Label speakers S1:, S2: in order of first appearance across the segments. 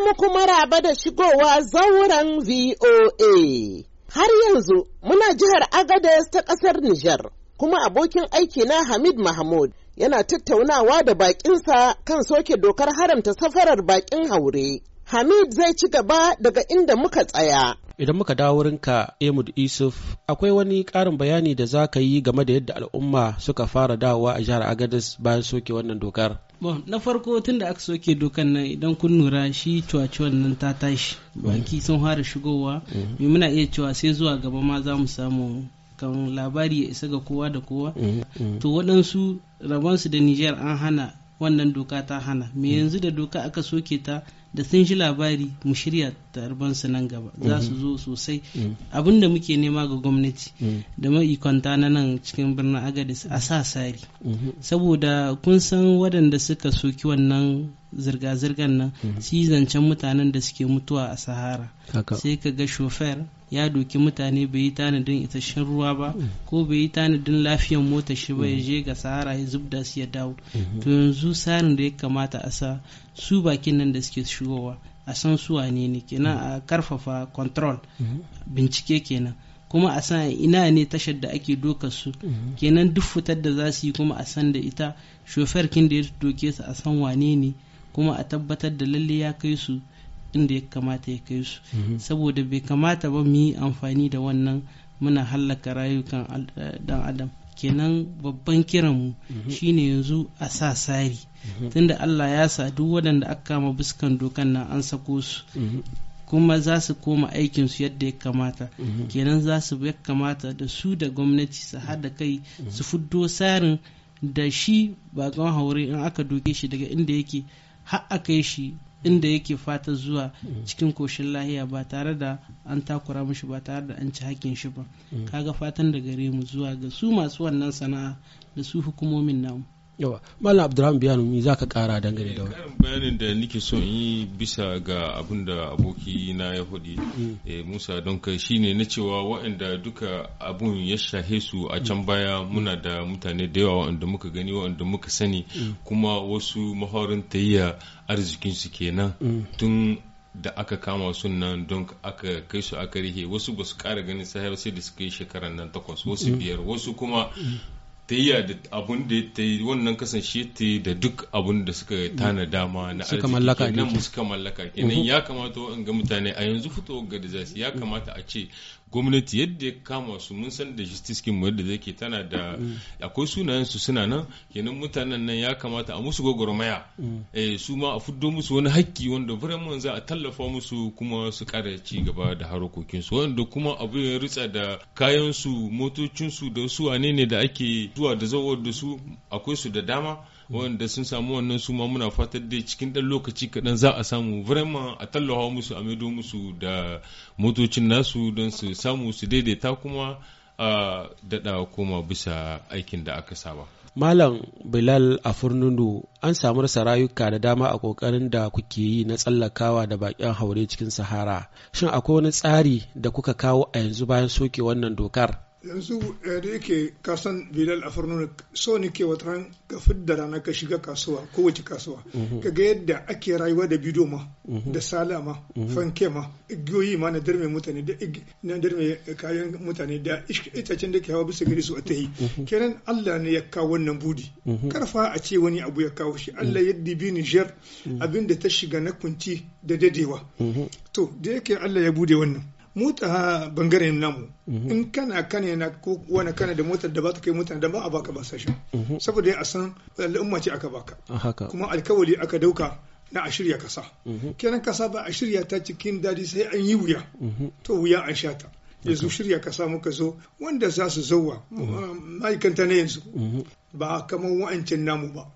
S1: muna muku maraba da shigowa zauren VOA. Har yanzu muna jihar Agadez ta ƙasar Nijar, kuma abokin aiki na Hamid Mahmud yana tattaunawa da baƙinsa kan soke dokar haramta safarar baƙin haure. Hamid zai ci gaba daga inda muka tsaya.
S2: Idan muka dawo wurinka Ahmed Isuf, akwai wani ƙarin bayani da za ka yi game da yadda al'umma suka fara dawowa a jihar Agadez bayan soke wannan dokar.
S1: bon na farko tun da aka soke dokan nan idan kun nura shi cuwacuwan nan ta tashi baki sun fara shigowa me mm-hmm. muna iya cewa sai zuwa gaba ma za mu samu kan labari ya isa ga kowa da kowa mm-hmm. Mm-hmm. to waɗansu rabonsu da nijar an hana wannan doka ta hana me hmm. yanzu da doka aka soke ta da sun shi labari mu shirya su nan gaba za su hmm. zo sosai hmm. abin da muke nema ga gwamnati da ma'ikonta na nan cikin birnin agadis a sa sari saboda kun san waɗanda suka soki wannan zirga zirgan nan si zancen mutanen da suke mutuwa a sahara sai ka ga shofer ya doki mutane bai yi tanadin isasshen ruwa ba mm. ko bai yi tanadin lafiyan mota shi ba ya mm. je ga sahara ya zubda su ya dawo mm-hmm. to yanzu tsarin da ya kamata a sa su bakin nan da suke shigowa a san su wane ne kenan mm. a karfafa control mm-hmm. bincike kenan kuma a san ina ne tashar da ake doka su mm-hmm. kenan duk fitar da za su yi kuma a san da ita shofar kin da ya doke su a san wane ne kuma a tabbatar da lalle ya kai su inda ya kamata ya kai su mhm. saboda bai kamata ba mu yi amfani da wannan muna hallaka rayukan eh, dan adam kenan babban kiran kiranmu mhm. shine yanzu a sa sari mhm. tunda Allah ya sa duk waɗanda aka kama buskan dokan nan an sako su kuma za su koma aikin su yadda ya kamata kenan za su ya kamata da su da gwamnati su hada kai su fuddo sarin da shi baƙon haure in aka doke shi daga inda yake har a kai shi inda yake fata zuwa mm. cikin koshin lahiya ba tare da an takura mushi ba tare da an ci hakin shi ba mm. kaga fatan da gare mu zuwa ga su masu wannan sana'a da su hukumomin namu yawa malam
S2: abdulham biyanu mi zaka kara dangane
S1: da wani. Eh,
S3: bayanin da nake so in yi bisa ga abin da aboki na ya hudi mm. eh, musa don kai shine na cewa waɗanda duka abun ya shahe su a mm. can baya muna da mutane da yawa waɗanda muka gani waɗanda muka sani mm. kuma wasu mahaurin tayya arzikin su kenan tun da aka kama sunan don aka kai su aka rihe wasu ba su kara ganin ba sai da suka yi shekaran nan takwas wasu biyar wasu kuma ta yi da abun da ta yi wannan kasance ta da duk abun da suka tana dama na arziki mallaka kenan suka mallaka kenan ya kamata in mutane a yanzu fito ga da zasu ya kamata a ce gwamnati yadda ya kama su mun san da justice kin yadda zake tana da akwai sunayen su suna nan kenan mutanen nan ya kamata a musu gwagwarmaya eh su ma a fuddo musu wani hakki wanda vraiment za a tallafa musu kuma su kara ci gaba da harkokin su wanda kuma abu ya ritsa da kayan su motocin su da su wane ne da ake zuwa da zawar da su akwai su da dama wanda sun samu wannan suma muna fatar da cikin ɗan lokaci kaɗan za a samu vraiment a tallafa musu a maido musu da motocin nasu don su samu su daidaita kuma a daɗa koma bisa aikin da aka saba.
S2: Malam Bilal a Furnundu an samu rasa rayuka da dama a kokarin da kuke yi na tsallakawa da bakin haure cikin Sahara. Shin akwai wani tsari da kuka kawo a yanzu bayan soke wannan dokar?
S4: yanzu eh, da yake kasan bilal a farnuna so ne ke wata ka fidda rana ka shiga kasuwa ko kowace kasuwa mhm. ka ga yadda ake rayuwa da bido ma mhm. da salama. ma mhm. fanke ma igiyoyi ma na dirme mutane da na dirme kayan mutane da itacen da ke hawa bisa gari su a tahi kenan Allah ne ya kawo wannan budi karfa a ce wani abu ya kawo shi Allah ya dibi Niger abin da ta shiga na kunci da dadewa to da yake Allah ya bude wannan mu ta bangaren namu mhm. in kana kan yana ko wani kana da motar da ba ta kai motar da ba a baka ba sashen mhm. saboda a san al'umma ce aka baka kuma alkawali aka dauka na a shirya kasa mhm. kenan kasa ba a shirya ta cikin dadi sai an yi wuya to wuya an sha ta yanzu shirya kasa muka zo wanda za su zauwa
S2: ma'aikanta
S4: na yanzu ba kamar wa'ancin namu ba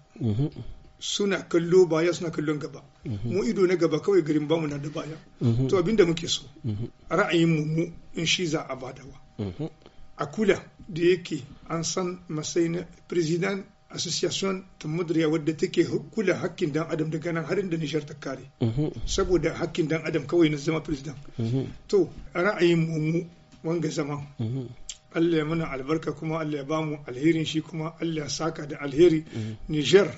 S4: suna kallo baya suna kallon gaba mhm. mu ido na gaba kawai garin bamu na da baya mhm. to abinda muke so mhm. ra'ayin mu mu in shi za a badawa a kula da yake an san masai na president association ta mudriya wadda take kula hakkin dan adam daga nan harin da nishar ta kare saboda hakkin dan adam kawai na zama president to ra'ayin mu mu wanga zama Allah ya muna albarka kuma Allah ya bamu alherin shi kuma Allah ya saka da alheri Niger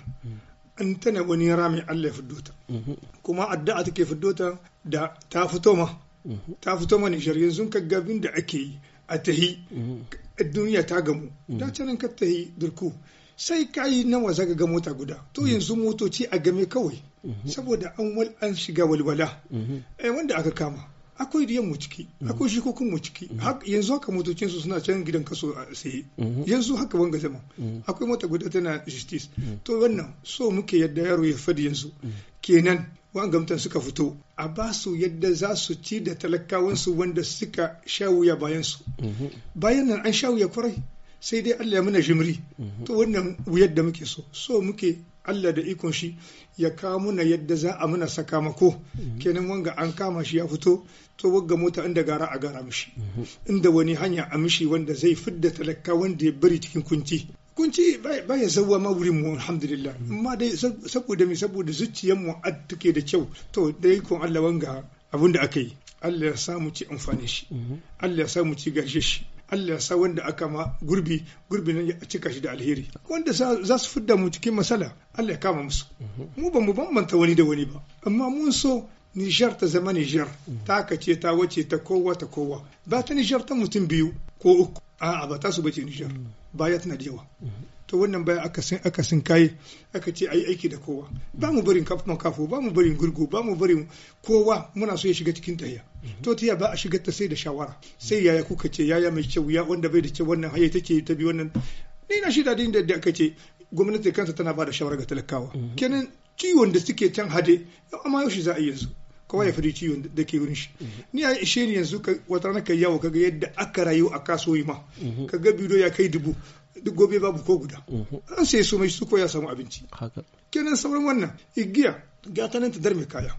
S4: An tana wani rami Allah ya fiddo ta mhm. kuma addu'a take fiddo ta da ta fito ma mhm. ta fito ma Nijar yanzu ka gabin da ake yi a tahi mhm. duniya ta gamu da nan ka tahi durku sai ka yi nawa zaka ga mota guda to yanzu motoci a game kawai saboda an an shiga walwala eh, wanda aka kama akwai diyan mu ciki mm. akwai shikokin mu ciki mm. yanzu haka motocin su suna can gidan kaso a saye mm-hmm. yanzu haka wanga zama. Mm. akwai mota guda tana justice to wannan so muke yadda yaro ya fadi yanzu kenan wangamtan suka fito a ba su yadda za su ci da talakawansu wanda suka sha wuya bayan su mm-hmm. bayan nan an sha wuya kwarai sai dai Allah ya mana jimri mm-hmm. to wannan wuyar da muke so so muke Allah da ikon shi ya kawo muna yadda za a muna sakamako mhm. kenan wanga an kama shi ya fito to wagga mota inda gara a gara mishi mhm. inda wani hanya a mishi wanda zai fidda talaka wanda ya bari cikin kunci kunci ba ya zauwa ma wurin mu alhamdulillah mhm. amma dai saboda mi saboda zuciyar mu ad take da kyau to da ikon Allah wanga abun da aka yi Allah ya samu ci amfani shi Allah ya samu ci gashe shi Allah sa wanda aka ma gurbi gurbi nan ya cika shi da alheri wanda za su fidda mu cikin masala Allah ya kama musu mhm. mu ba mu bambanta wani da wani ba amma mun so Nijar ta zama Nijar mhm. ta ce ta wace ta kowa ta kowa ba ta Nijar ta mutum biyu ko uku a'a ba ta su bace Nijar mhm. baya tana da yawa to wannan baya aka akasin kai aka ce ayi aiki da kowa ba mu barin makafo ba mu barin gurgu ba mu barin kowa muna so ya shiga cikin tahiya mhm. to ba a shiga ta sai da shawara sai yaya kuka ce yaya mai kyau ya wanda bai da kyau wannan haye take ta bi wannan ni na shi dadin da aka ce gwamnati kansa tana ba da shawara ga talakawa mhm. kenan ciwon da suke can hade amma yaushe za a yi yanzu kawai ya mm. fadi ciwon da ke wurin shi mm-hmm. ni a ishe ni yanzu wata rana kai yawo kaga yadda aka rayu a kasuwa ma mm-hmm. kaga bido ya kai dubu duk gobe babu ko guda mm-hmm. an sai su mai su ko ya samu abinci kenan sauran wannan igiya ga ta nan ta darme kaya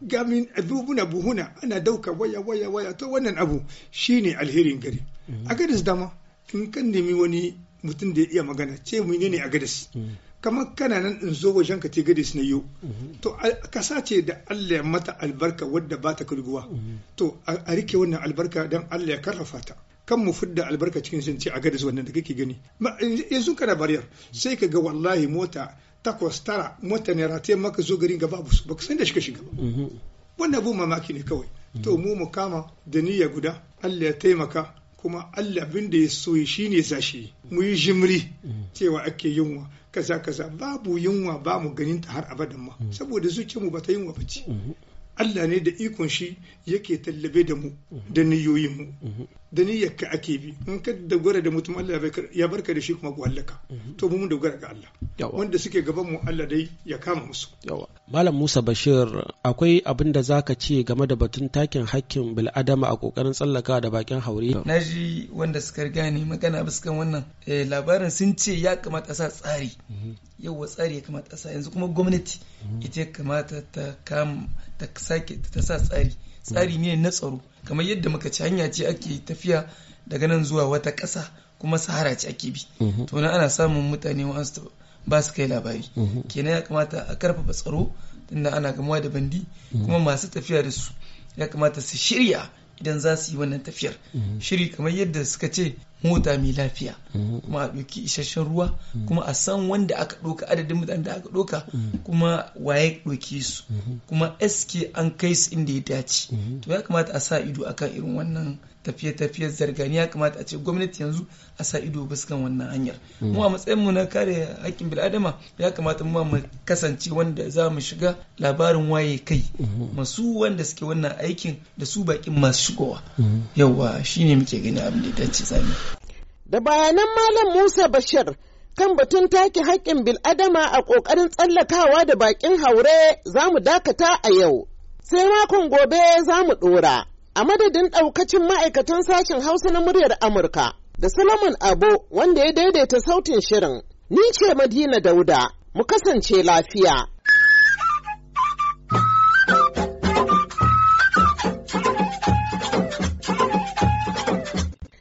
S4: ga min abubuwa buhuna ana dauka waya waya waya to wannan abu shine alherin gari a gadis dama in kan nemi wani mutum da ya iya magana ce mu ne a gadis kamar kana nan in zo wajen ka gadis na yau to kasa ce da Allah ya mata albarka wadda ba ta kulguwa to a rike wannan albarka dan Allah ya karfafa ta kan mu fidda albarka cikin sinci a gadis wannan da kake gani yanzu na bariyar sai ka ga wallahi mota takwas tara mota ne rataye maka zo garin gaba ba ka san da shi ka shiga mm-hmm. wannan abu mamaki ne kawai to mu mu kama da niyya guda Allah ya taimaka kuma Allah abin da ya so ya shine zashi mu yi jimri cewa ake yunwa kaza kaza babu yunwa ba mu ganin ta har abadan ma mm-hmm. saboda zuci ba ta yunwa ba mm-hmm. Allah ne da ikon shi yake tallabe da mu mm-hmm. da niyoyin mu da yakka ake bi in ka dogara da mutum Allah ya barka da shi kuma ku hallaka mhm. to mu mun dogara ga Allah wanda suke gaban mu Allah dai
S5: ya kama musu
S2: malam Musa Bashir akwai abin da zaka ce game da batun takin hakkin bil'adama a kokarin tsallaka da bakin haure
S5: naji wanda suka riga ni magana bisa wannan eh, labarin sun ce ya kamata sa tsari mhm. wa tsari ya kamata sa yanzu kuma gwamnati mhm. ita ya kamata ta kama ta sake ta sa tsari tsari ne na tsaro kamar yadda muka ci hanya ce ake tafiya daga nan zuwa wata ƙasa kuma sahara ce ake bi mhm. to nan ana samun mutane wa'ansu ba su kai labari mhm. kenan ya kamata a karfafa tsaro tunda ana gamuwa da bandi mhm. kuma masu tafiya da su ya kamata su shirya idan za su yi wannan tafiyar shiri kamar yadda suka ce mota mai lafiya mm-hmm. kuma a ɗauki isasshen ruwa kuma a san wanda aka ɗauka adadin mutane da aka ɗauka mm-hmm. kuma waye ɗauki su mm-hmm. kuma eske an kai su inda ya dace to ya kamata a sa ido akan irin wannan tafiye-tafiye zargani ya kamata a ce gwamnati yanzu a sa ido fuskan wannan hanyar mu a matsayin mu na kare hakkin bil'adama ya kamata mu mu kasance wanda za mu shiga labarin waye kai masu wanda suke wannan aikin da su bakin masu shigowa yawa shine muke gani abin da ya dace sami Da
S1: bayanan Malam Musa Bashir kan batun take haƙƙin bil'adama a ƙoƙarin tsallakawa da baƙin haure za mu dakata a yau. Sai makon gobe za mu ɗora. A madadin ɗaukacin ma'aikatan sashen Hausa na muryar Amurka da Solomon Abo wanda ya daidaita sautin shirin. Ni ce Madina Dauda, mu kasance lafiya.